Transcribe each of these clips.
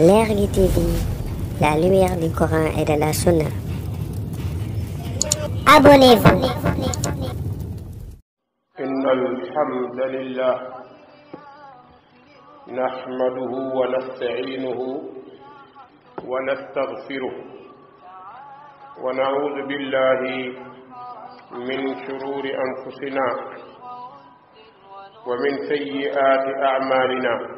L'air du TV, la lumière du Coran et de la Sunna. Abonnez-vous. إن الحمد لله نحمده ونستعينه ونستغفره ونعوذ بالله من شرور أنفسنا ومن سيئات أعمالنا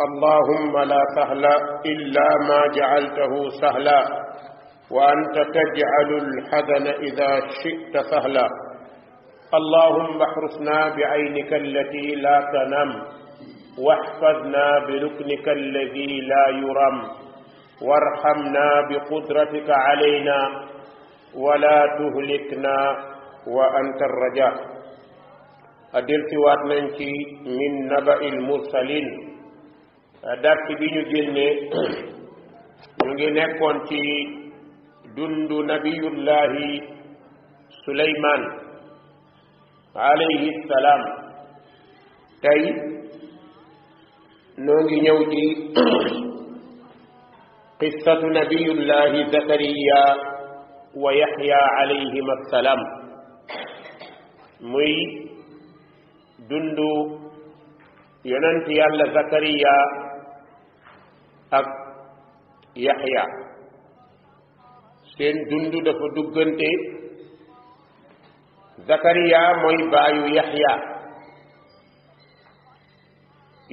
اللهم لا سهل إلا ما جعلته سهلا وأنت تجعل الحزن إذا شئت سهلا اللهم احرسنا بعينك التي لا تنم واحفظنا بركنك الذي لا يرم وارحمنا بقدرتك علينا ولا تهلكنا وأنت الرجاء أدلت واتننتي من نبأ المرسلين dàtt bi ñu génnee ñu ngi nekkoon ci dundu nabiyullahi suleyman alayhi salaam tey noo ngi ñëw ci qissatu nabiyullahi zakariya wa yaxya alayhim assalaam muy dundu yonent yàlla zakariya ak yaxya seen dund dafa duggante zakariya mooy baayu yaxya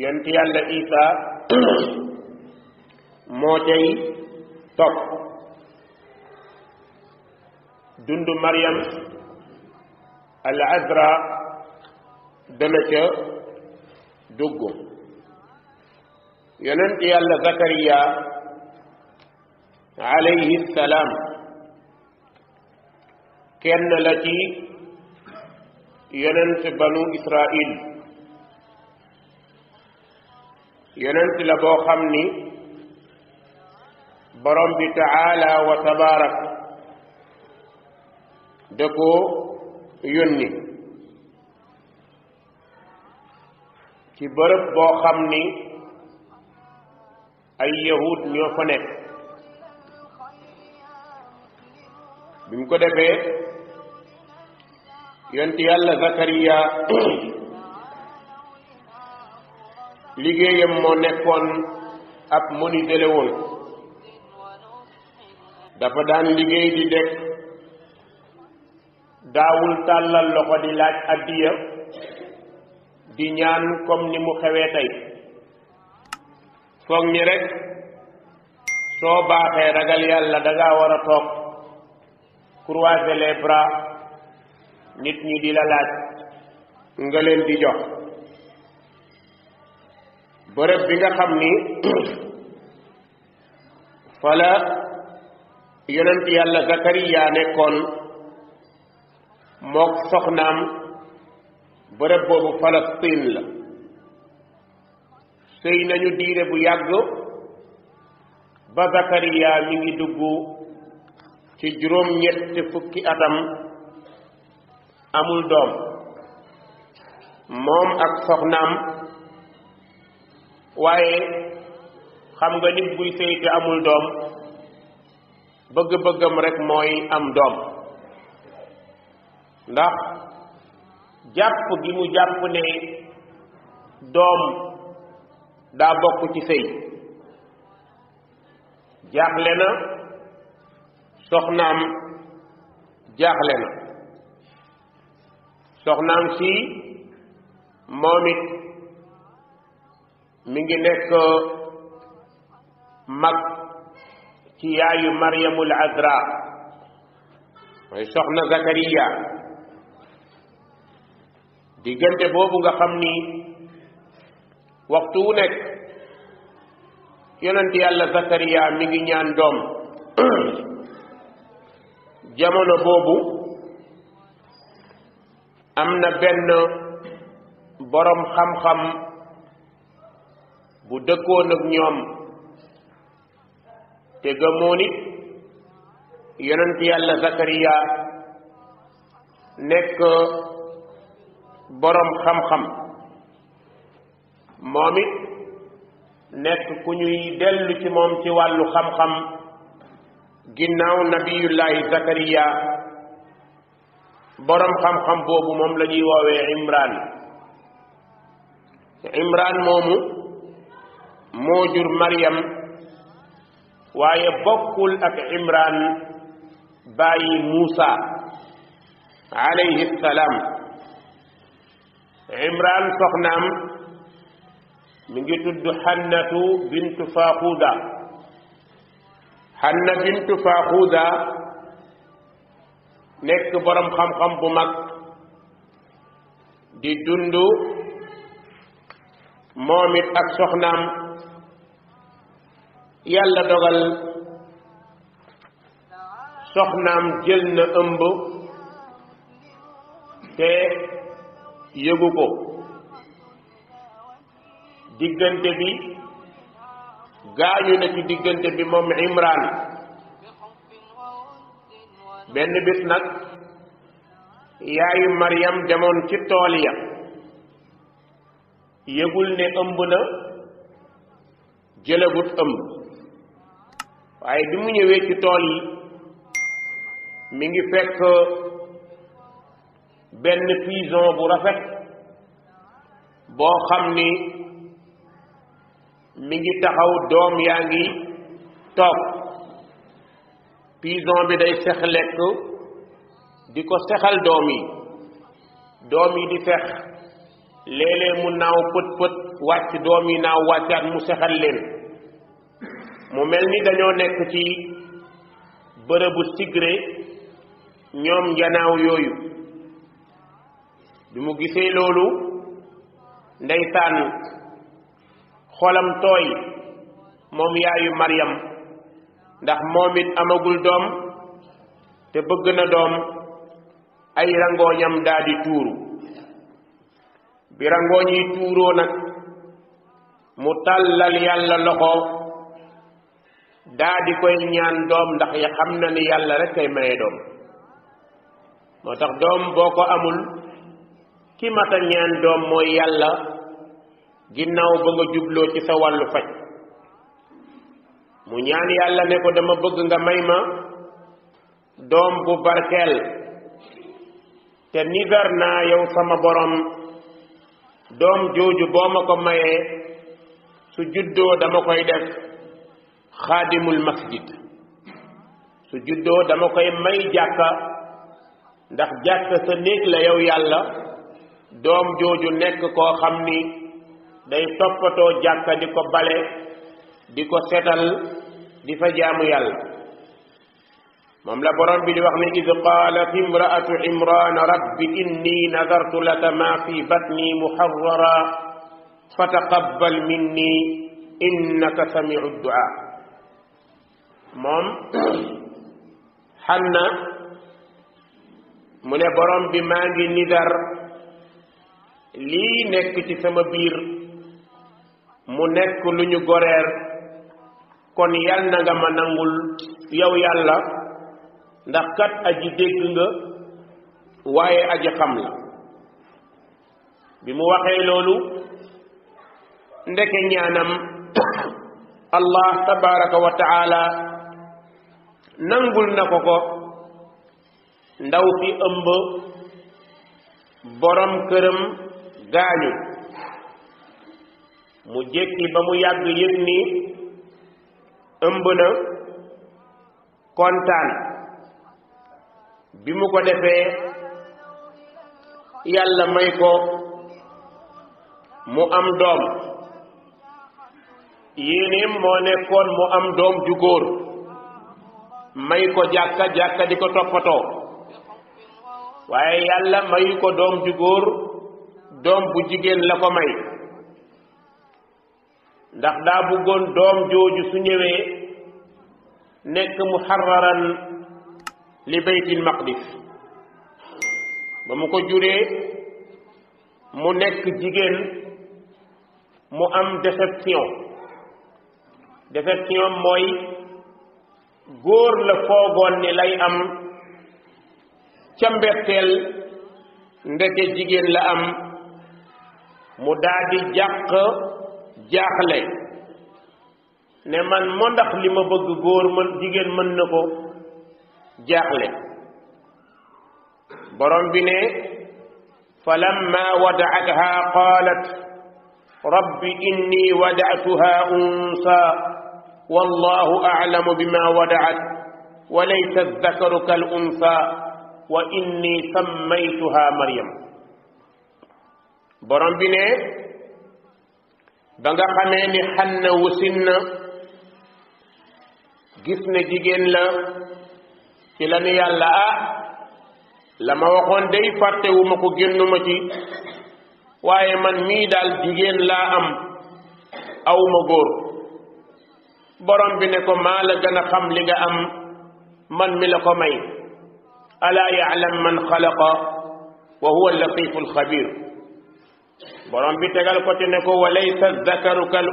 yont yàlla isa moo tey dundu mariam al azra dana ca يننت يالله زكريا عليه السلام كان لتي يننت بنو إسرائيل يننت لبو خمني برم تعالى وتبارك دكو يني كبرب بو خمني ay yahud ñoo fa nekk bi mu ko defee yonti yàlla zakariya liggéeyam moo nekkoon ab menuisier la woon dafa daan liggéey di dekk daawul tàllal loxo di laaj addiya di ñaan comme ni mu xewee tey toog ni rek soo baaxee ragal yàlla da war a toog croiser les bras nit ñi di la laaj nga leen di jox bërëb bi nga xam ni fa la yàlla Zakariya nekkoon mook soxnaam bërëb boobu Palestine la sëy nañu diire bu yàgg ba Zakariya mi ngi dugg ci juróom-ñett fukki atam amul doom moom ak soxnaam waaye xam nga nit buy sëy te amul doom bëgg-bëggam rek mooy am doom ndax jàpp gi mu jàpp ne doom daa bokk ci sëy jaaxle na soxnaam jaaxle na soxnaam si moom it mi ngi nekk mag ci yaayu maryamul azra mooy soxna zakariya diggante boobu nga xam ni waxtu wu nekk yonent yàlla Zakariya mi ngi ñaan doom jamono boobu am na benn boroom xam-xam bu dëkkoon ak ñoom te gëmoon it yonent yàlla Zakariya nekk boroom xam-xam momit nek ku ñuy delu ci mom ci walu xam xam-xam ginnaw nabiyullah zakariya borom xam-xam bobu mom lañuy wowe imran imran momu mo jur maryam waye bokul ak imran bàyyi musa alayhi salam imran soxnam من تد حنة بنت فاخودة حنة بنت فاخودة نك برم خم خم بمك دي دندو مومت اك سخنام يالا دغل سخنام جلن امبو تي يبوكو diggante bi gaañu na ci diggante bi moom Imran benn bis nag yaayu Maryam demoon ci tool ya yëgul ne ëmb na jëlagut ëmb waaye bi mu ñëwee ci tool yi mi ngi fekk benn pison bu rafet boo xam ni mi ngi taxaw doom yaa ngi toog pison bi day fex lekk di ko sexal doom yi doom yi di fex léeg-léeg mu naaw pët pët wàcc doom yi naaw wàccaat mu sexal leen mu mel ni dañoo nekk ci bërëbu sigré ñoom njanaaw yooyu bi mu gisee loolu ndeysaan xolam tooy moom yaayu Maryam ndax moom it amagul doom te bëgg na doom ay rangooñam daldi tuuru bi rangooñ yi tuuroo nag mu tàllal yàlla loxo daldi koy ñaan doom ndax ya xam na ni yàlla rek kay maye doom moo tax doom boo ko amul ki mat ñaan doom mooy yàlla ginnaaw ba nga jubloo ci sa wàllu faj mu ñaan yàlla ne ko dama bëgg nga may ma doom bu barkeel te nidar naa yow sama boroom doom jooju boo ma ko mayee su juddoo dama koy def xaadimul masjid su juddoo dama koy may jàkka ndax jàkka sa néeg la yow yàlla doom jooju nekk koo xam ni day toppatoo jàkka di ko bale di ko setal di fa jaamu yàlla moom la borom bi di wax ne id qaalat imraatu imran rabbi inni nadartu laka ma fi batni muharrara fataqabbal minni innaka samiu dua moom xanna mu ne borom bi maa ngi nidar lii nekk ci sama biir mu nekk lu ñu goreer kon yal na nga ma nangul yow yàlla ndax kat aji dégg nga waaye aji xam la bi mu waxee loolu ndeke ñaanam allah tabaraka wa taala nangul na ko ndaw fi ëmb borom këram gaañu mu jékki ba mu yàgg yëg ni ëmb na kontaan bi mu ko defee yàlla may ko mu am doom yéenéem moo nekkoon mu am doom ju góor may ko jàkka jàkka di ko toppatoo waaye yàlla mayu ko doom ju góor doom bu jigéen la ko may ndax daa bëggoon doom jooju su ñëwee nekk muharraran li baytil maqdis ba mu ko juree mu nekk jigéen mu am déception déception mooy góor la foogoon ni lay am ca mbetteel ndeke jigéen la am mu daal di jàq jaaxle ne man moo ndax li ma bëgg góor mën jigéen mën na ko jaaxle borom bi ne falamma wadaatha qalat rabbi inni wadaatuha unsa wallahu aclamu bima wadaat walaysa aldakaru kal unsa wa inni sammaytuha maryam borom bi ne ba nga xamee ni xanna wusin na gis ne jigéen la ci la ni yàlla ah la ma waxoon day fàttewu ma ko génnuma ci waaye man mii daal jigéen laa am aw ma góor borom bi ne ko maa la gën a xam li nga am man mi la ko may ala yaalam man xalaqa wa huwa al latifu alxabir borom bi tegal ko te ne ko wa laysa zakaru kal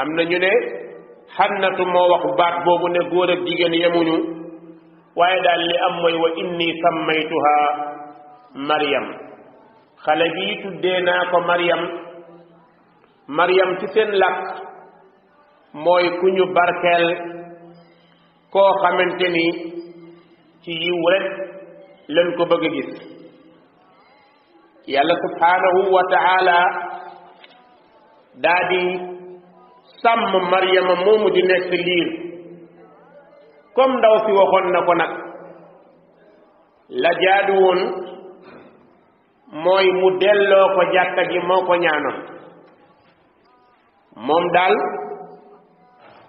am na ñu ne xannatu moo wax baat boobu ne góor ak jigéen yemuñu waaye daal li am mooy wa inni sammaytuha Maryam xale bii tuddee naa ko Maryam Maryam ci seen làkk mooy ku ñu barkeel koo xamante ni ci yiw rek lañ ko bëgg a gis yàlla subhanahu wa ta'ala daa sàmm Maryama moomu di nekk liir kom ndaw si waxoon na ko nag la jaadu woon mooy mu delloo ko jàkka ji moo ko ñaanoon moom daal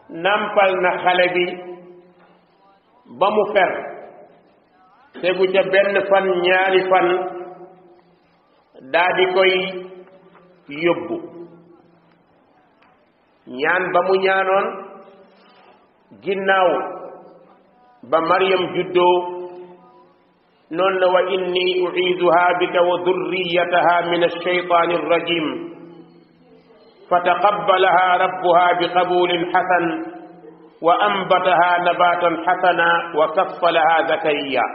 nampal na xale bi ba mu fer tegu ca benn fan ñaari fan daa koy yóbbu ñaan ba mu ñaanoon ginnaaw ba maryam juddoo non la wa inni uiiduha bika wa dhurriyataha min ash-shaytani alshaytaani alrajim fataqabbalaha rabbuha biqabulin hasan وأنبتها نباتا حسنا وكفلها زكريا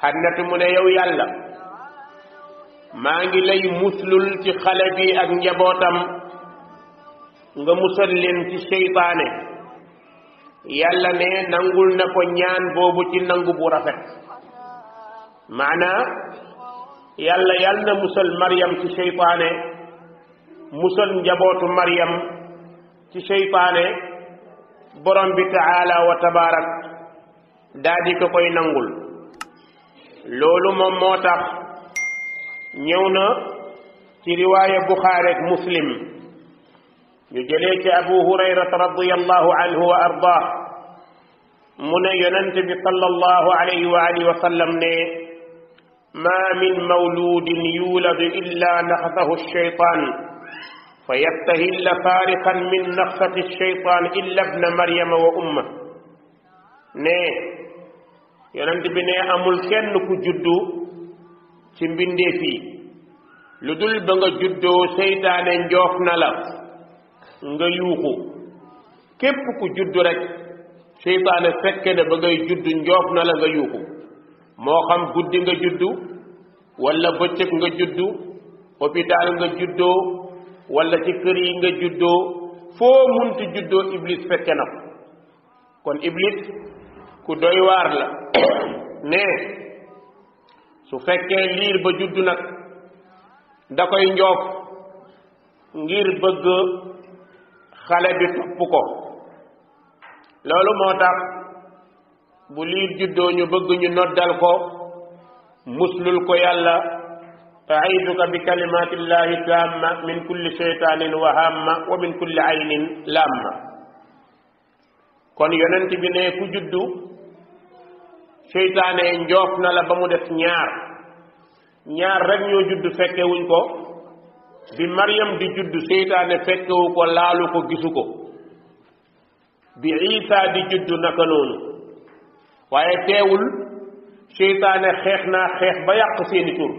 حنة من يو يالله maa ngi lay muslul ci xale bi ak njabootam nga musal leen ci seytaane yàlla ne nangul na ko ñaan boobu ci nangu bu rafet maanaa yàlla yàlla na musal Maryam ci seytaane musal njabootu Maryam ci seytaane borom bi taala wa tabaarak daa di ko koy nangul loolu moom moo tax ñëwna ci riwaya bukhari ak muslim ñu jëlé ci abu hurayra radiallahu anhu wa arda mun yonent bi sallallahu alayhi wa alihi wa sallam ne ma min mawlud yulad illa naxasahu alcheytan fa yastahilla faarixan min naxsati alcheytan illa bna maryama wa umma ne yonent bi ne amul kenn ku juddu ci mbindeef yi lu dul ba nga juddoo seytaane njoof na la nga yuuxu képp ku juddu rekk seytaane fekke na ba ngay juddu njoof na la nga yuuxu moo xam guddi nga juddu walla bëccëg nga juddu hôpital nga juddoo walla ci kër yi nga juddoo foo munti juddoo iblis fekke na kon iblis ku doy waar la ne su fekkee liir ba judd nag da koy njoof ngir bëgg xale bi topp ko loolu moo tax bu liir juddoo ñu bëgg ñu noddal ko muslul ko yàlla أعيذك بكلمات الله تامة من كل شيطان وهامة ومن كل عين لامة كون يننتي بني كو جدو seytaane njoof na la ba mu def ñaar ñaar rek ñoo judd fekkewuñ ko bi Maryam di judd seytaane fekkewu ko laalu ko gisu ko bi Isa di judd naka noonu waaye teewul seytaane xeex naa xeex ba yàq seeni tur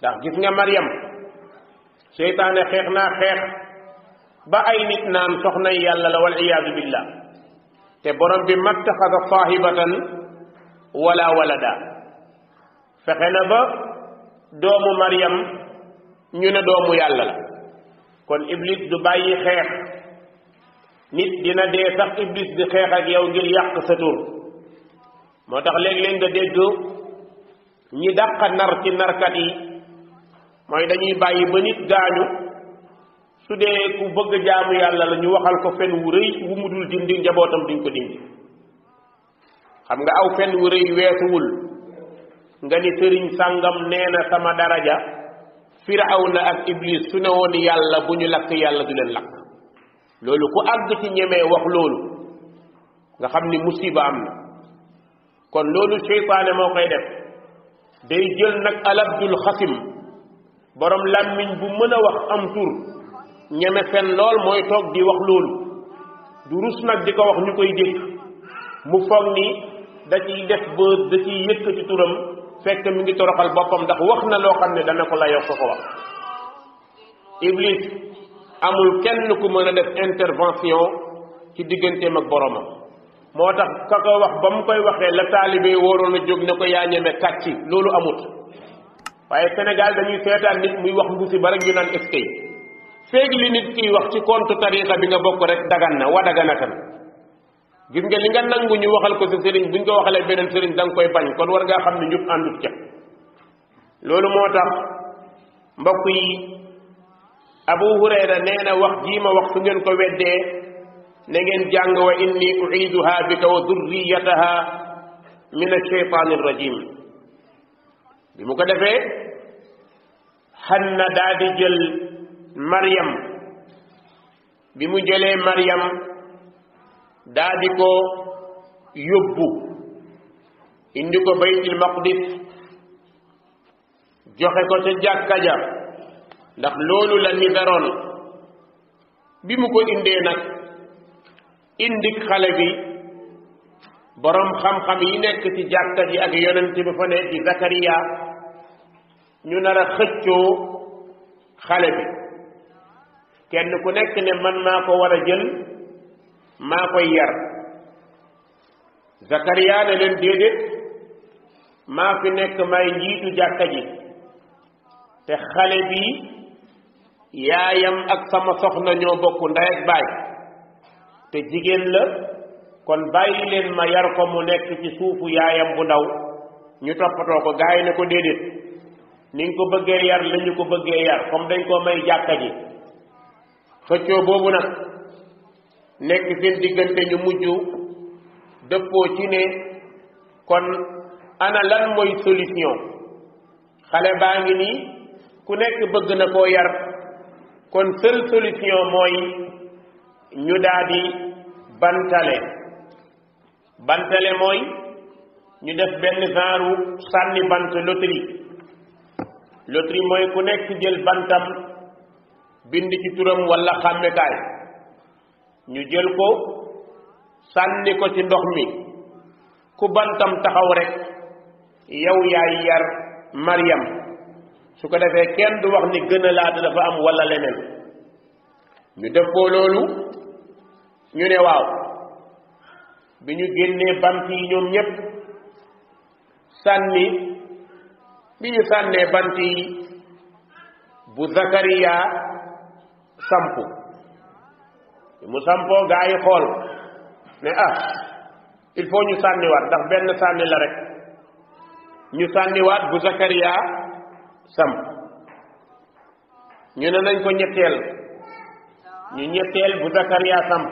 ndax gis nga Maryam seytaane xeex naa xeex ba ay nit naan soxnay yàlla la wal billah te borom bi mattaxada saahibatan wala walada fexe na ba doomu Maryam ñu ne doomu yàlla la kon iblis du bàyyi xeex nit dina dee sax iblis di xeex ak yow ngir yàq sa tur moo tax léeg-léeg nga dégg ñi dàq nar ci narkat yi mooy dañuy bàyyi ba nit gaañu su dee ku bëgg jaamu yàlla la ñu waxal ko fen wu rëy wu mu dul dindi njabootam duñ ko dindi xam nga aw fenn wu rëy weesuwul nga ni sëriñ sàngam nee na sama daraja firawna ak iblis su ne woon yàlla bu ñu lakk yàlla du leen lakk loolu ku àgg ci ñemee wax loolu nga xam ni musiba am na kon loolu seytaane moo koy def day jël nag alabdul xasim borom làmmiñ bu mën a wax am tur ñeme fen lool mooy toog di wax loolu du nag di ko wax ñu koy dégg mu foog ni da ciy def ba da ciy yëkkati turam fekk mi ngi toroxal boppam ndax wax na loo xam ne dana ko layoo ko ko wax iblis amul kenn ku mën a def intervention ci digganteem ak boromam moo tax ka ko wax ba mu koy waxee la taalibe waroon a jóg ne ko yaa ñeme kàcci loolu amut waaye Sénégal dañuy seetaan nit muy wax mbuusi ba rek ñu naan eskay feeg li nit kiy wax ci compte tarixa bi nga bokk rek dagan na wa daganatan gis nga li nga nangu ñu waxal ko sa sëriñ buñ ko waxalee beneen sëriñ da nga koy bañ kon war ngaa xam ne njub àndut ca loolu moo tax mbokk yi abu hurayra nee na wax jii ma wax su ngeen ko weddee ne ngeen jàng wa inni uiduha bika wa zurriyataha min alcheytan irrajim bi mu ko defee xanna daa di jël maryam bi mu jëlee maryam daa di ko yóbbu indi ko baytil maqdis joxe ko ca jàkka ja ndax loolu la niberoon bi mu ko indee nag indi xale bi boroom xam-xam yi nekk ci jàkka ji ak yonent bi fa ne di Zakariya ñu nar a xëccoo xale bi kenn ku nekk ne man maa ko war a jël maa koy yar Zakariya ne leen déedéet maa fi nekk may njiitu jàkka ji te xale bi yaayam ak sama soxna ñoo bokk ndey ak baay te jigéen la kon bàyyi leen ma yar ko mu nekk ci suufu yaayam bu ndaw ñu toppatoo ko gaay ne ko déedéet nu nga ko bëggee yar lañu ko bëggee yar comme dañ koo may jàkka ji xëccoo boobu nag nekk seen diggante ñu mujj dëppoo ci ne kon ana mooy solution xale baa ngi nii ku nekk bëgg na koo yar kon seule solution mooy ñu daal bantale bantale mooy ñu def benn genre sànni bant loterie loterie mooy ku nekk jël bantam bind ci turam walla xàmmekaay ñu jël ko sànni ko ci ndox mi ku bantam taxaw rek yow yaay yar Maryam su ko defee kenn du wax ni gën dafa am walla leneen ñu def ko loolu ñu ne waaw bi ñu génnee bant yi ñoom ñépp sànni bi ñu sànnee bant yi bu Zakariya sampu mu sampo gaay xol xool ne ah il faut ñu sànniwaat ndax ben sanni la rek ñu sànniwaat bu zakaria sam ñu ne nañ ko ñettel ñu ñettel bu zakariya samp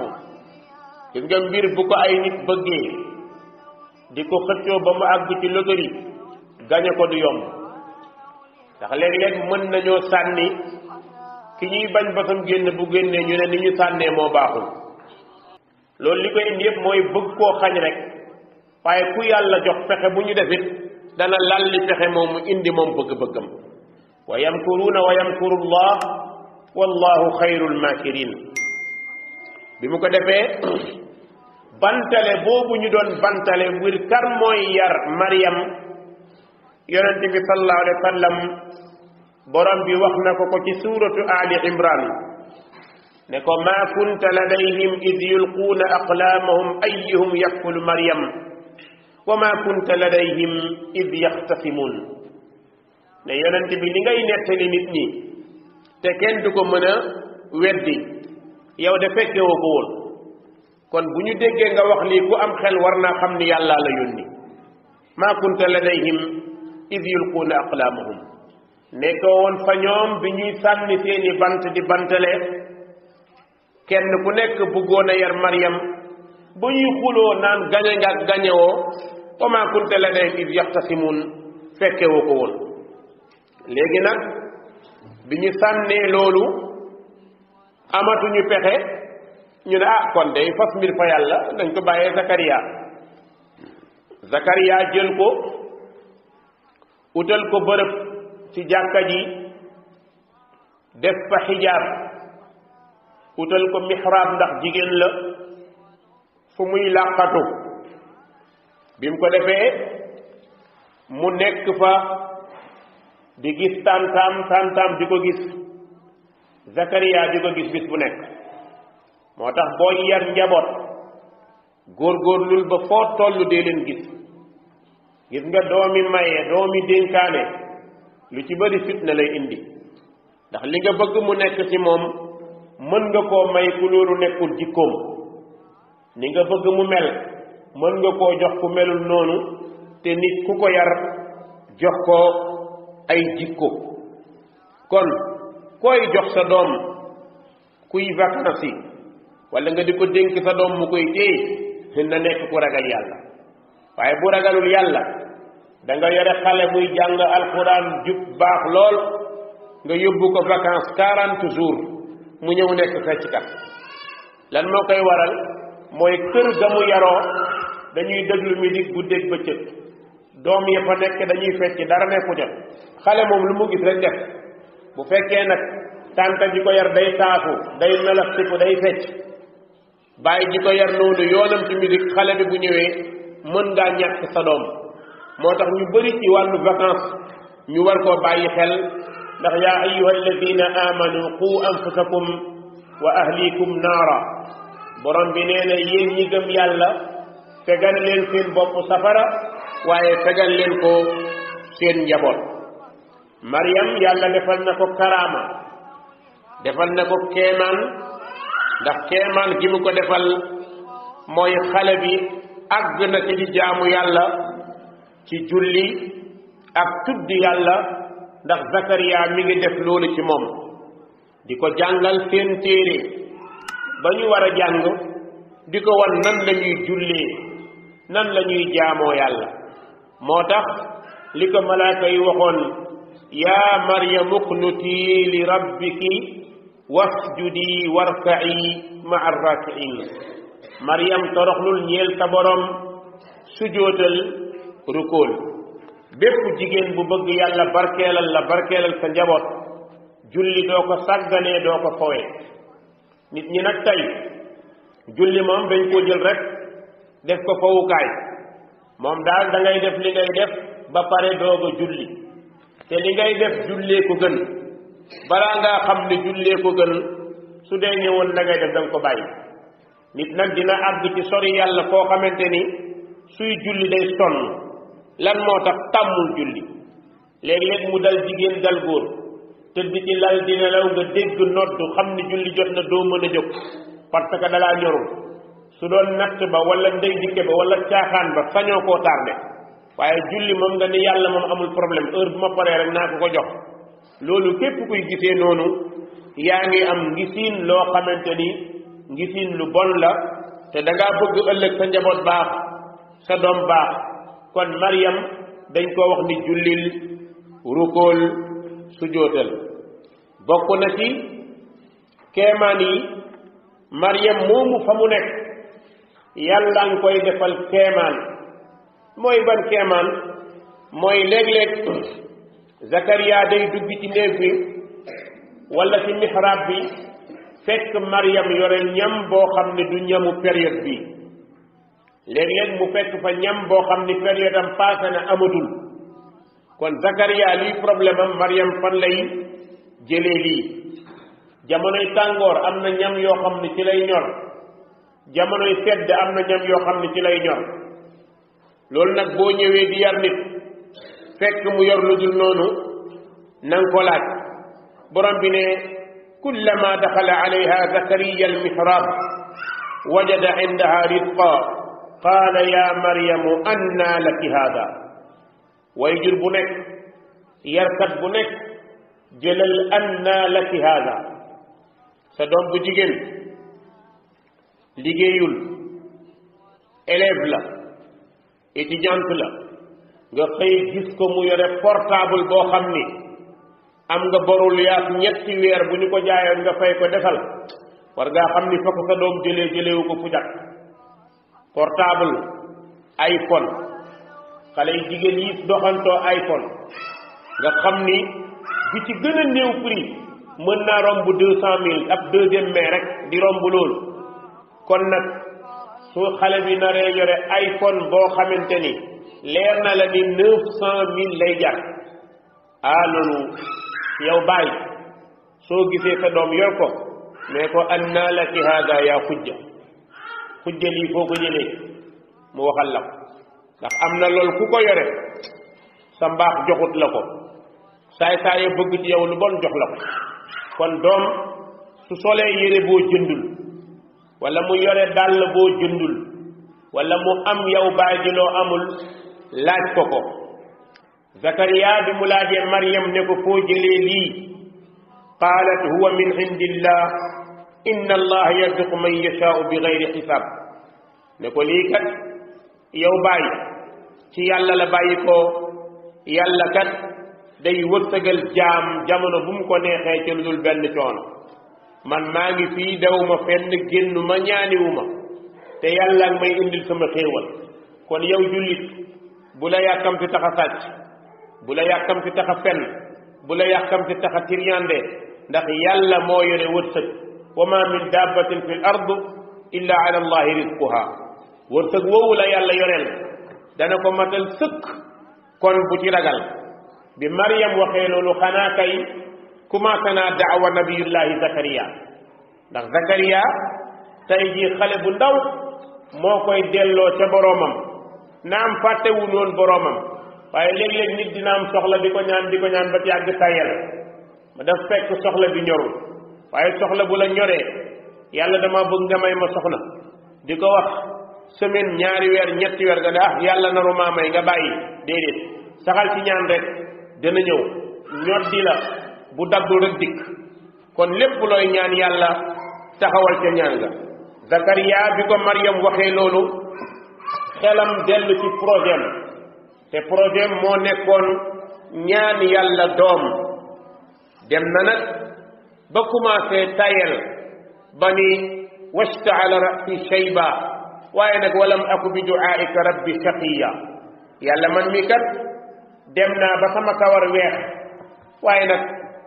gis nga mbir bu ko ay nit bëggee di ko xëccoo ba mu àgg ci loterie gañe ko du yomb ndax léeg-léeg mën nañoo sànni ki ñuy bañ basam génn bu génnee ñu ne ni ñu tànnee moo baaxul loolu li koy indi yëpp mooy bëgg koo xañ rek waaye ku yàlla jox pexe bu ñu defit dana lalli pexe moomu indi moom bëgg-bëggam wa yamkuruuna wa yamkuru llah wallahu xayrul makirin bi mu ko defee bantale boobu ñu doon bantale wir kar mooy yar Maryam yonente bi sallallahu alayhi borom bi wax na ko ko ci suuratu ali imran ne ko maa kunta ladayhim id yulquuna aqlaamahum ayuhum yakfulu maryam wa ma kunta ladayhim id yaxtasimun ne yonent bi li ngay nettali nit ñi te ken du ko mën a weddi yow de fekkewoo ko woon kon bu ñu déggee nga wax lii ku am xel war naa xam la yónni maa kunta ladayhim id yulquuna aqlaamahum nekk woon fa ñoom bi ñuy sànni seeni bant di bantale kenn ku nekk bëggoon a yar Maryam ba ñuy xuloo naan gañe nga gañewoo wa maa kunta ladayhim iz yaxtasimuun fekke woo ko woon léegi nag bi ñu sànnee loolu amatuñu pexe ñu ne ah kon day fas mbir fa yàlla dañ ko bàyyee Zakaria Zakaria jël ko utal ko bërëb ci jàkka ji def fa xijaab utal ko mixraab ndax jigéen la fu muy làqatu bi mu ko defee mu nekk fa di gis tàntaam tàntaam di ko gis Zakariya di ko gis bis bu nekk moo tax boo yar njaboot góorgóorlul ba foo toll dee leen gis gis nga doomi maye doomi dénkaane lu ci bëri fitna lay indi ndax li nga bëgg mu nekk ci moom mën nga koo may ku loolu nekkul jikkoom ni nga bëgg mu mel mën nga koo jox ku melul noonu te nit ku ko yar jox ko ay jikko kon koy jox sa doom kuy vacances yi wala nga di ko dénk sa doom mu koy téye na nekk ku ragal yàlla waaye bu ragalul yàlla da nga yore xale buy jàng alquran jub baax lool nga yóbbu ko vacance quarante jours mu ñëw nekk fecckat lan moo koy waral mooy kër ga mu yaroo dañuy déglu musique guddeeg bëccëg doom ya fa nekk dañuy fecc dara nekku ca xale moom lu mu gis rek def bu fekkee nag tànta ji ko yar day taafu day melastiku day fecc bàyyi ji ko yar noonu yoonam ci musique xale bi bu ñëwee mën ngaa ñàkk sa doom moo tax ñu bëri ci wàllu vacance ñu war koo bàyyi xel ndax yaa ayuha alladina amanu qu anfusakum wa ahlikum naara borom bi nee na yéen ñi gëm yàlla fegal leen seen bopp safara waaye fegal leen ko seen njaboot Maryam yàlla defal na ko karaama defal na ko keemaan ndax keemaan gi mu ko defal mooy xale bi àgg na ci jaamu yàlla ci julli ak tudd yàlla ndax Zakaria mi ngi def loolu ci moom di ko jàngal seen téere ba ñu war a jàng di ko wan nan la jullee nan la ñuy jaamoo yàlla moo tax li ko malaaka yi waxoon yaa maryam uqnuti li rabbiki wasjudi warka'i ma arrakiin maryam toroxlul ñeel sa borom sujootal rukool bépp jigéen bu bëgg yàlla barkeelal la barkeelal sa njaboot julli doo ko sàgganee doo ko fowee nit ñi nag tay julli moom dañ koo jël rekk def ko fowukaay moom daal dangay def li ngay def ba pare doog a julli te li ngay def jullee ko gën balaa ngaa xam ne jullee ko gën su dee ñëwoon da def da ko bàyyi nit nag dina àgg ci sori yàlla koo xamante ni suy julli day sonn lan moo tax tàmmul julli léeg-léeg mu dal jigéen dal góor tëdd ci lal di nelaw nga dégg nodd xam ni julli jot na doo mën a jóg parce que dalaa ñorul su doon natt ba wala ndey dikke ba wala caaxaan ba sañoo koo tardé waaye julli moom nga ni yàlla moom amul problème heure bu ma paree rek naa ko ko jox loolu képp kuy gisee noonu yaa ngi am ngisiin loo xamante ni ngisiin lu bon la te da ngaa bëgg ëllëg sa njaboot baax sa doom baax kon Maryam dañ koo wax ni jullil rukool sujootal bokk na ci keemaan yi Maryam moomu fa mu nekk yàlla nga koy defal keemaan mooy ban keemaan mooy léeg-léeg Zakariya day dugg ci néeg bi wala ci mihraab bi fekk Maryam yore ñam boo xam ne du ñamu période bi léeg-léeg mu fekk fa ñam boo xam ni période am passé na amatul kon Zakaria lii problème am Mariam fan lay jëlee lii jamonoy tàngoor am na ñam yoo xam ne ci lay ñor jamonoy sedd am na ñam yoo xam ne ci lay ñor loolu nag boo ñëwee di yar nit fekk mu yor lu dul noonu na nga borom bi ne kullama daxala alayha Zakariya almihrab wajada indaha rizqa qaala yaa maryamu annaa laki haada way jur bu nekk yarkat bu nekk jëlal annaa laki haada sa doom bu jigéen liggéeyul élève la étudiante la nga xëy gis ko mu yore portable boo xam ni am nga borul yaak ñetti weer bu ñu ko jaayoon nga fay ko defal war ngaa xam ni fa sa doom jëlee jëlewu ko fu portable iphone xale yi jigéen yi doxantoo iphone nga xam ni bi ci gën a néew prix mën naa romb 200 mille ab deuxième mai rek di romb loolu kon nag su xale bi naree yore iphone boo xamante ni leer na la ni 900 mille lay jar ah loolu yow bàyyi soo gisee sa doom yor ko mais ko an naa la ci haada yaa xujja xujja lii foo ko jëlee mu waxal la ko ndax am na loolu ku ko yore sa mbaax joxut la ko saay saaye bëgg ci yow lu bon jox la ko kon doom su solee yére boo jëndul wala mu yore dàll boo jëndul wala mu am yow baay ji loo amul laaj ko ko zakariya bi mu laajee maryam ne ko foo jëlee lii qaalat huwa min indillah inna allah yarzuqu man yashaa'u bi gayri xisaab ne ko lii kat yow bàyyi ci yàlla la bàyyi koo yàlla kat day wërsëgal jaam jamono bu mu ko neexee ci lu dul benn coono man maa ngi fii daw ma fenn génnu ma ñaaniwu ma te yàlla ak may indil sama xéewal kon yow jullit bu la yàkkam ci tax a sàcc bu la yàkkam ci tax a fenn bu la yàkkam ci tax a tiryande ndax yàlla moo yore wërsëg وما من دابة في الأرض إلا على الله رزقها ورتق ولا يلا يرل دانكو ماتل سك كون بوتي راغال بمريم وخيلو لخناكاي كما كان دعوة نبي الله زكريا داك زكريا تايجي خالي بو ندو موكاي ديلو تي بروامم نام فاتيو نون بروامم waye leg leg nit dina am soxla diko ñaan diko ñaan ba ci yag tayel ma daf fekk soxla bi ñorul waaye soxla bu la ñoree yàlla dama bëgg nga may ma soxna di ko wax semaine ñaari weer ñetti weer nga ne ah yàlla naru maa may nga bàyyi déedéet saxal ci ñaan rek dana ñëw ñoddi la bu daggul rek dikk kon lépp looy ñaan yàlla taxawal ca ñaan nga Zakariya bi ko Maryam waxee loolu xelam dellu ci projet te projet moo nekkoon ñaan yàlla doom dem na nag ba commencé tayel ba ni washtaala rasi shayba waaye nag walam aku bi duaaika rabbi shaqiya yàlla man mi kat dem naa ba sama kawar weex waaye nag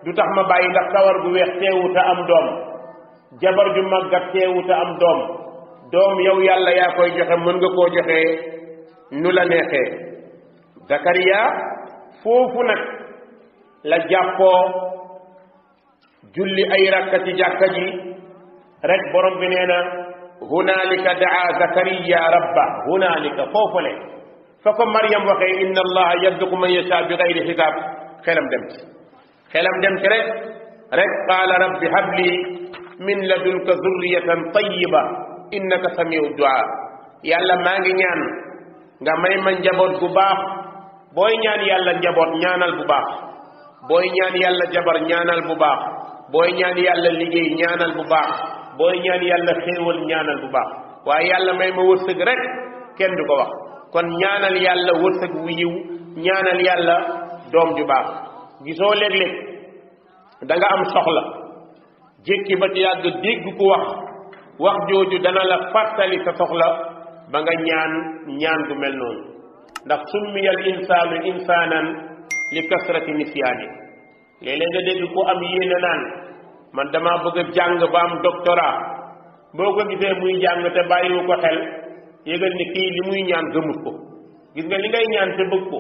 du tax ma bàyyi ndax kawar gu weex teewuta am doom jabar ju màggat teewuta am doom doom yow yàlla yaa koy joxe mën nga koo joxe nu la neexee Zakariya foofu nag la jàppoo julli ay rakka ci jàkka ji rek borom bi nee na hunaalika daa zakariya rabba hunaalika foofale fa ko mariam waxee inna allaha yarzuqu man yasha bi gayri xisaab xelam dem ci xelam dem ci rek rek qaala rabbi habli min ladunka zurriyatan tayyiba innaka samiu duaa yàlla maa ngi ñaan nga may ma njaboot bu baax booy ñaan yàlla njaboot ñaanal bu baax booy ñaan yàlla jabar ñaanal bu baax booy ñaan yàlla liggéey ñaanal bu baax booy ñaan yàlla xéewal ñaanal bu baax waaye yàlla may ma wërsëg rek kenn du ko wax kon ñaanal yàlla wërsëg wu yiw ñaanal yàlla doom ju baax gisoo léeg-léeg danga am soxla jékki ba ci yàgg dégg ku wax wax jooju dana la fàttali sa soxla ba nga ñaan ñaan gu mel noonu ndax summiyal insaanu insaanan li kasrati nisyaani léeg-léeg nga dégg ko am yéene naan man damaa bëgg a jàng ba am doctorat boo ko gisee muy jàng te bàyyiwu ko xel yëgal ni kii li muy ñaan gëmut ko gis nga li ngay ñaan te bëgg ko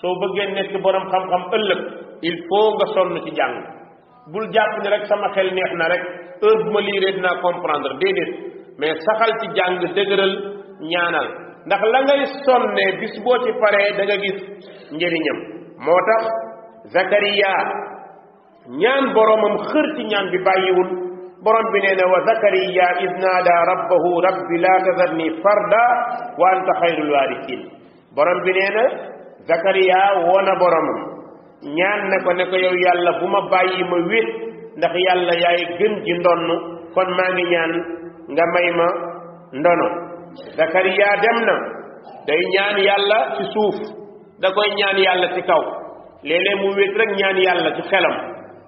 soo bëggee nekk borom xam-xam ëllëg il faut nga sonn ci jàng bul jàpp ni rek sama xel neex na rek heure bu ma liiree dinaa comprendre déedéet mais saxal ci jàng dëgëral ñaanal ndax la ngay sonnee bis boo ci paree da gis njëriñam moo tax zakariya ñaan boromam xër ci ñaan bi bàyyiwul borom bi nee na wa zakariya id naada rabbahu rabbi laa tazarni farda wa anta xayrul waarisin borom bi nee na zakariya woona boromam ñaan na ko ne ko yow yàlla bu ma bàyyi ma wéet ndax yàlla yaay gën ci ndonn kon maa ngi ñaan nga may ma ndono zakariya dem na day ñaan yàlla ci suuf da koy ñaan yàlla ci kaw lele mu wet rek ñaan yàlla ci xelam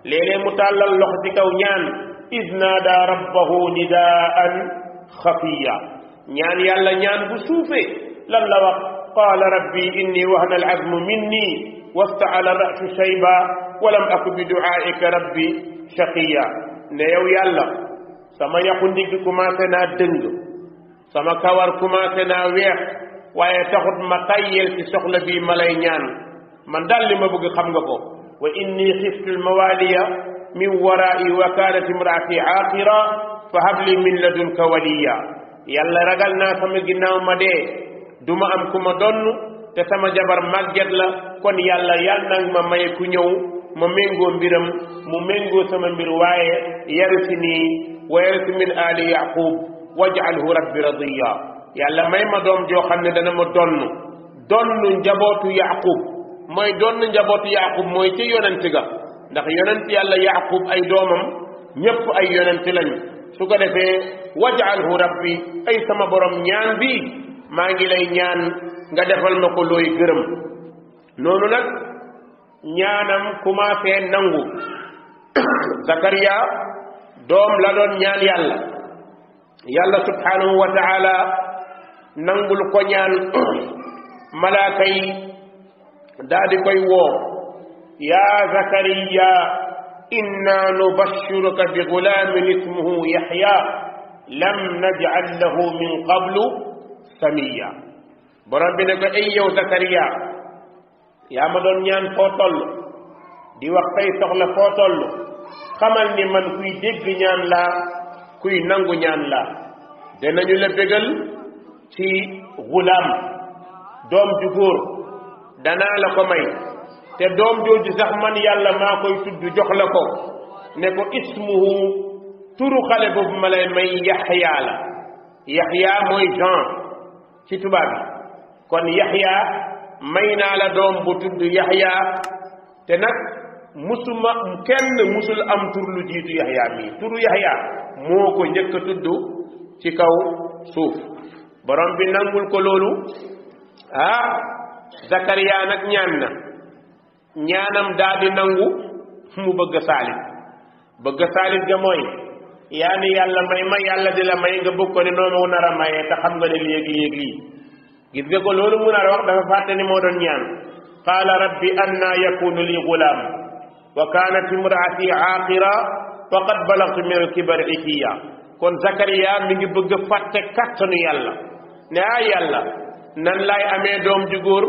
lele mu talal lox ci kaw ñaan izna da rabbahu nidaan khafiya ñaan yàlla ñaan bu suufee lan la wax qala rabbi inni wahana al'azm minni wastaala rasu shayba walam aku bi duaika rabbi shaqiya ne yow yàlla sama yaxu ndigg ma naa dëng sama kawar ma naa wex waye taxut ma tayel ci soxla bi malay ñaan man dal li ma bëgg xam nga ko wa inni khiftu al mawaliya min warai wa kanat imraati aqira fa hab li min ladunka waliya yàlla ragal na sama ginnaw ma de duma am kuma ma te sama jabar màgget la kon yàlla yal nag ma may ku ñëw ma mengo mbiram mu mengo sama mbir waye yarisi ni wa yarisi min ali yaqub waj'alhu rabbi radiya yàlla may ma dom jo xamne dana ma donn donn njabootu yaqub mooy doon njabootu yaqub mooy ci yonent ga ndax yonent yàlla yaqub ay doomam ñépp ay yonent lañ su ko defee wajaalhu rabbi ay sama borom ñaan bii maa ngi lay ñaan nga defal ma ko looy gërëm noonu nag ñaanam commencé nangu zakariya doom la doon ñaan yàlla yàlla subhanahu wa taala nangul ko ñaan malaaka daal di koy woo yaa zakariya inna nubashiruka bi gulaamin ismuhu yaxya lam najcal lahu min qablu samiya borom bi ne ko ay yow zakariya yaa ma doon ñaan foo toll di wax say soxla foo toll xamal ni man kuy dégg ñaan laa kuy nangu ñaan laa danañu la bégal ci gulaam doom ju góor dana la ko may te doom jooju sax man yàlla maa koy tudd jox la ko ne ko ismuhu turu xale boobu ma lay may yaxyaa la yaxyaa mooy Jean ci tubaab bi kon yaxyaa may naa la doom bu tudd yaxyaa te nag musuma kenn musul am tur lu jiitu yaxyaa mii turu yaxyaa moo ko njëkk a tudd ci kaw suuf borom bi nangul ko loolu ah Zakariya nag ñaan na ñaanam daa di nangu mu bëgg saalit bëgg saalit ga mooy yaa ni yàlla may ma yàlla di la may nga bëgg ko ni noonu mu nar a mayee te xam nga ne léegi léegi lii gis nga ko loolu mu nar a wax dafa fàtte ni moo doon ñaan qaala rabbi anna yakunu li gulaam wa kaanat imraati aaqira wa qad balagtu min alkibari ikiya kon Zakariya mi ngi bëgg fàtte kàttanu yàlla ne ah yàlla nan laay amee doom ju góor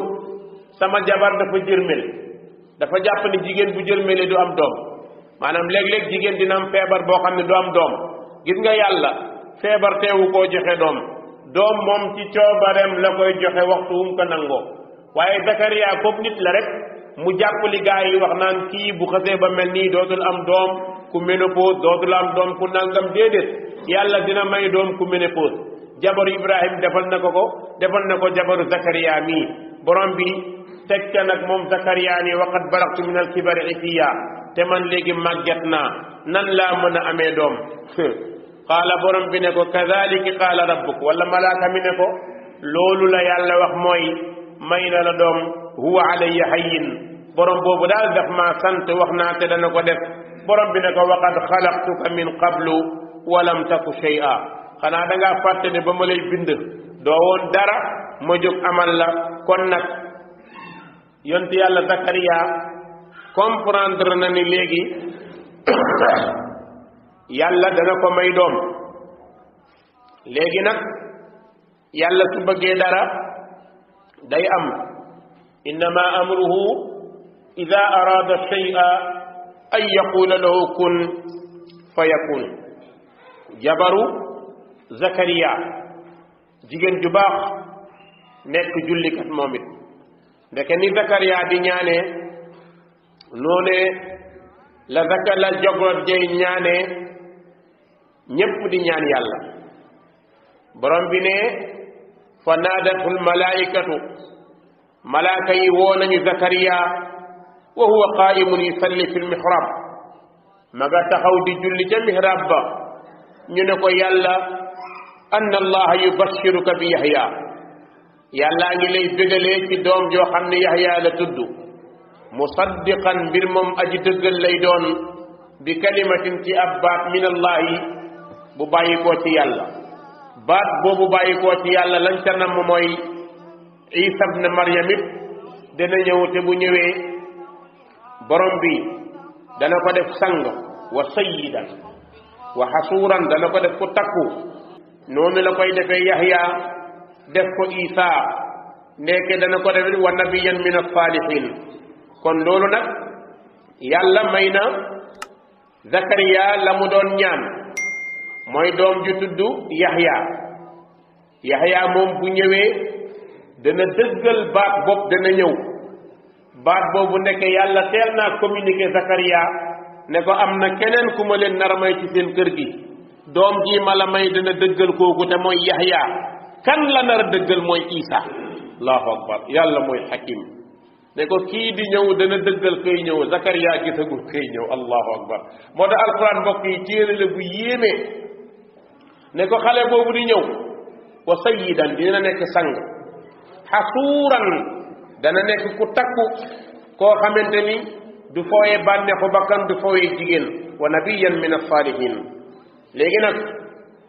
sama jabar dafa jërmel dafa jàpp jigéen bu jërmele du am doom maanaam léeg-léeg jigéen dina am feebar boo xam ne du am doom gis nga yàlla feebar teewu koo joxe doom doom moom ci coobareem la koy joxe waxtu wum ko nangoo waaye Zakariya comme nit la rek mu jàpp li wax naan kii bu xasee ba mel nii dootul am doom ku ménopause dootul am doom ku nangam déedéet yàlla dina may doom ku ménopause jabaru Ibrahim defal na ko ko defoon na ko jabaru Zakariya mi borom bi teg ca nag moom Zakariya ni waqad balagtu min al kibari isiya te man léegi màgget naa nan laa mën a amee doom qaala borom bi ne ko kazalika qaala rabbuk wala malaaka mi ne ko loolu la yàlla wax mooy may na la doom huwa alayya hayyin borom boobu daal daf maa sant wax naa te dana ko def borom bi ne ko waqad xalaqtuka min qablu walam taku shay'a xanaa da ngaa fàtte ne ba ma lay bind doo woon dara ma jóg amal la kon nag yonti yàlla Zakariya comprendre na ni léegi yàlla dana ko may doom léegi nag yàlla su bëggee dara day am innama amruhu ida arada shay'a an yaqula lahu kun fa yakun jabaru Zakariya jigéen ju baax nekk jullikat moom it ndeke ni Zakariya di ñaanee noonee la zaka la jogor jay ñaanee ñépp di ñaan yàlla borom bi ne fa naadatul malaayikatu malaaka yi woo nañu Zakariya wa huwa qaa'imun yusalli fil mihrab ma taxaw di julli ca mihrab ba ñu ne ko yàlla anna allaha yubashiruka bi yaxya yàllaa ngi lay bégalee ci doom joo xam ne yaxya la tudd musaddiqan mbir moom aji dëggal lay doon bi kalimatin ci ab baat min allahi bu bàyyikoo ci yàlla baat boobu bàyyikoo ci yàlla lañ na namm mooy isa ibn maryam it dana ñëw te bu ñëwee borom bi dana ko def sang wa sayyidan wa xasuuran dana ko def ku takku noonu la koy defee yahya def ko isa ndeke dana ko def wa nabiyan min as-salihin kon loolu nag yàlla may na zakariya la mu doon ñaan mooy doom ju tudd yahya yahya moom bu ñëwee dana dëggal baat bopp dana ñëw baat boobu nekk yàlla teel naa communiqué zakariya ne ko am na keneen ku ma leen nar may ci seen kër gi Dom ji ma may dana deugal koku te moy yahya kan la nar deugal moy isa allahu akbar yalla moy Hakim. ne ko ki di ñew dana dëggal koy ñëw zakariya gisagul kay ñew allahu akbar mo tax alquran bokk yi téere la bu yeme ne ko xale bobu di ñew wa sayyidan dina nek sang hasuran dana nek ku takku ko xamante ni du foye banexu bakkan du foye jigen wa nabiyyan min as-salihin léegi nag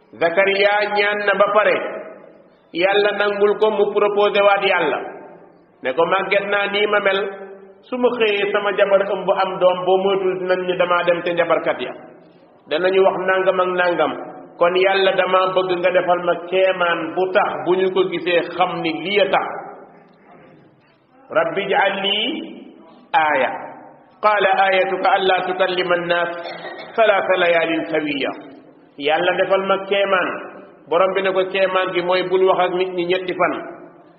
Zakariya ñaan na ba pare yàlla nangul ko mu proposé waat yàlla ne ko màgget naa nii ma mel su ma xëyee sama jabar ëmb am doom boo moytul nañ ñu damaa dem te njabarkat ya danañu wax nangam ak nangam kon yàlla dama bëgg nga defal ma keemaan bu tax bu ñu ko gisee xam ni lii a tax rabbi jaal lii aaya qaala aayatuka allaa tukallima annaas salaasa layaalin sawiya yàlla defal ma keman borom bi ne ko keman gi moy bul wax ak nit ñi ñetti fan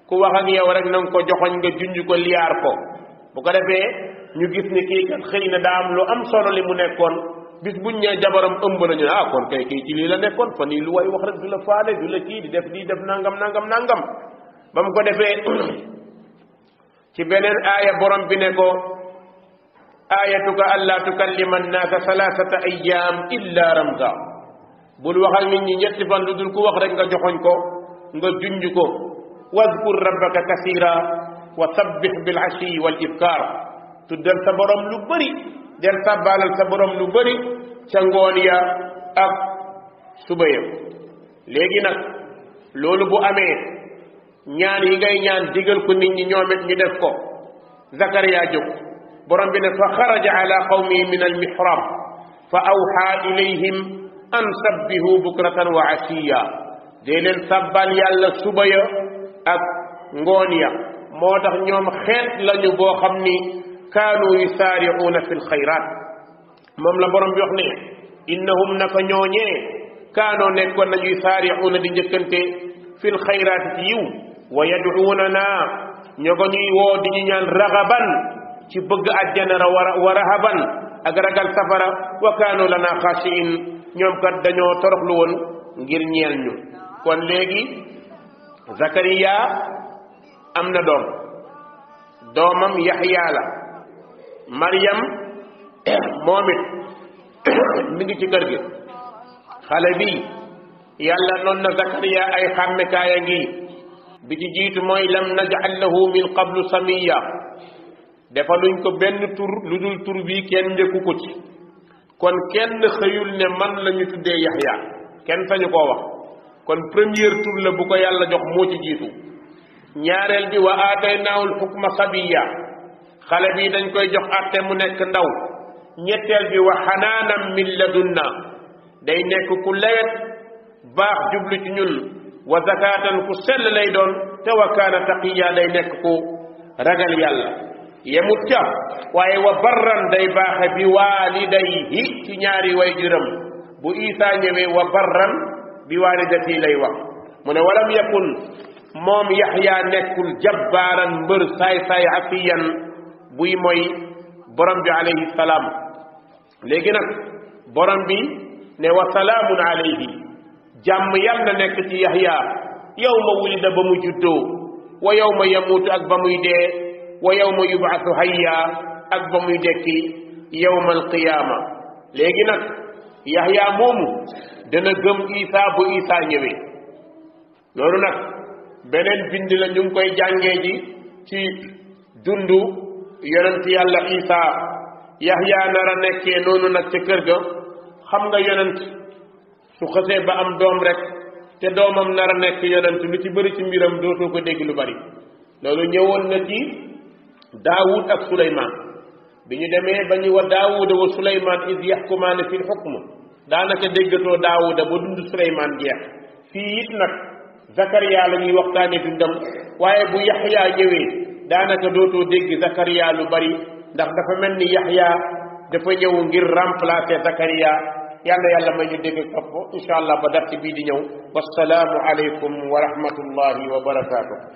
ku wax ak yow rek nang ko joxoñ nga junj ko liar ko bu ko defé ñu gis ni ki kat xeyna da am lu am solo li mu nekkon bis buñ ñe jabaram ëmb nañu ah kon kay kay ci li la nekkon fani lu way wax rek du la faale du la ki di def di def nangam nangam nangam bam ko defé ci benen aya borom bi ne ko ayatuka alla tukallima annasa salasata ayyam illa ramza bul waxal nit ñi ñetti fan lu dul ku wax rek nga joxoñ ko nga junj ko wadkur rabbaka kaseera wa sabbih bil ashi wal ibkar tuddal sa borom lu bari del sabbalal sa borom lu bari ca ngoon ya ak suba legi nak lolu bu amé ñaan yi ngay ñaan digal ko nit ñi ñoomit ñu def ko zakariya jóg borom bi ne fa kharaja ala qawmihi min al mihrab fa awha ilayhim an sabbihu bukratan wa asiya dee leen sabbal yàlla suba ya ak ngoon ya moo tax ñoom xeet lañu boo xam ni kaanu yusaariuuna fi lxayraat moom la borom bi wax ne innahum naka ñooñee kaanoo nekkoon nañu yusaariuuna di njëkkante fi lxayraat ci yiw wa yaduuna naa ñoo ko ñuy woo di ñu ñaan raxaban ci bëgg àjjana wa rahaban ak ragal safara wa kaanu lanaa xaashiin ñoom kat dañoo toroxlu woon ngir ñeel ñu kon léegi Zakariya am na doom doomam Yaxya la Maryam moom it mi ngi ci kër gi xale bi yàlla noon na Zakariya ay xàmmekaaya ngi bi ci jiitu mooy lam najal min qablu samiya defaluñ ko benn tur lu dul tur bi kenn njëkku ko ci kon kenn xëyul ne man lañu tuddé yahya kenn fañu ko wax kon premier tour la bu ko yàlla jox mo ci jitu ñaarel bi wa aataynaawul hukma sabiyya xale bi dañ koy jox até mu nek ndaw ñettel bi wa hananam min ladunna day nek ku leet baax jublu ci ñun wa zakatan ku sel lay doon te wa kaana taqiya day nek ku ragal yàlla yemut ca waaye wa barran day baaxe bi waalidayhi ci ñaari way juram bu isaa ñëwee wa barran bi waalidati lay wax mu ne walam yakun moom yaxya nekkul jabbaaran mbër saay-saay asiyan buy mooy borom bi alayhi salaam léegi nag borom bi ne wa salaamun alayhi jàmm yal na nekk ci yaxya yow ma wulida ba mu juddoo wa yow ma yamuutu ak ba muy dee wa yawma yub'athu hayya ak ba muy dekki yawmal qiyaama léegi nag yaxya moomu dana gëm isa bu isa ñëwee loolu nag beneen bind la ñu koy jàngee ji ci dundu yonent yàlla isa yaxya nar a nekkee noonu nag ca kër ga xam nga yonent su xësee ba am doom rek te doomam nar a nekk yonent lu ci bëri ci mbiram dootoo ko dégg lu bari loolu ñëwoon na ci daawud ak suleymaan bi ñu demee ba ñu wa daawuda wa suleymaan is yaxkumaane fil xukm daanaka déggatoo daawuda ba dund suleymaan jeex fii it nag zakariya la ñuy waxtaane dundam waaye bu yaxya ñëwee daanaka dootoo dégg zakariya lu bari ndax dafa mel ni yaxya dafa ñëw ngir remplacer zakariya yàlla yàlla may ñu dégg topp insha allah ba dàtt bii di ñëw wassalaamu wa rahmatullahi wa barakaatu